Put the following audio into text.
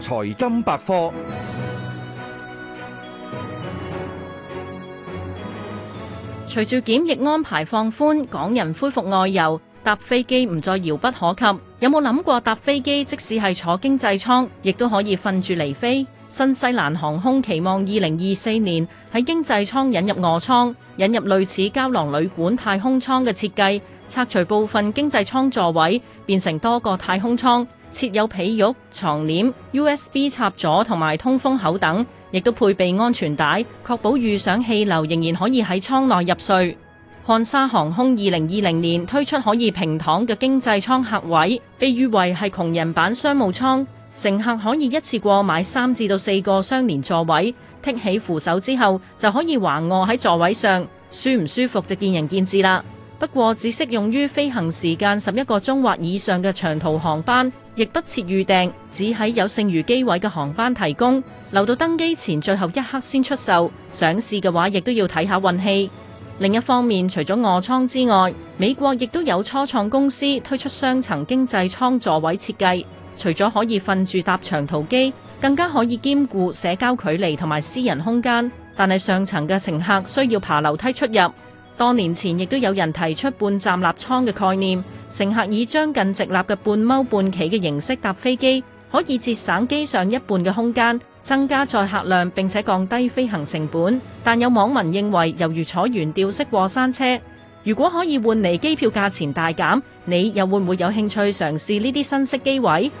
財金百科。隨住檢疫安排放寬，港人恢復外遊，搭飛機唔再遙不可及。有冇諗過搭飛機？即使係坐經濟艙，亦都可以瞓住嚟飛。新西蘭航空期望二零二四年喺經濟艙引入臥艙，引入類似膠囊旅館、太空艙嘅設計。拆除部分經濟艙座位，變成多個太空艙，設有被褥、床簾、USB 插座同埋通風口等，亦都配備安全帶，確保遇上氣流仍然可以喺艙內入睡。漢莎航空二零二零年推出可以平躺嘅經濟艙客位，被譽為係窮人版商務艙，乘客可以一次過買三至到四個相連座位，剔起扶手之後就可以橫卧喺座位上，舒唔舒服就見仁見智啦。不過只適用於飛行時間十一個鐘或以上嘅長途航班，亦不設預訂，只喺有剩餘機位嘅航班提供，留到登機前最後一刻先出售。想試嘅話，亦都要睇下運氣。另一方面，除咗臥艙之外，美國亦都有初創公司推出雙層經濟艙座位設計，除咗可以瞓住搭長途機，更加可以兼顧社交距離同埋私人空間。但係上層嘅乘客需要爬樓梯出入。多年前亦都有人提出半站立艙嘅概念，乘客以將近直立嘅半踎半企嘅形式搭飛機，可以節省機上一半嘅空間，增加載客量並且降低飛行成本。但有網民認為猶如坐原吊式過山車，如果可以換嚟機票價錢大減，你又會唔會有興趣嘗試呢啲新式機位？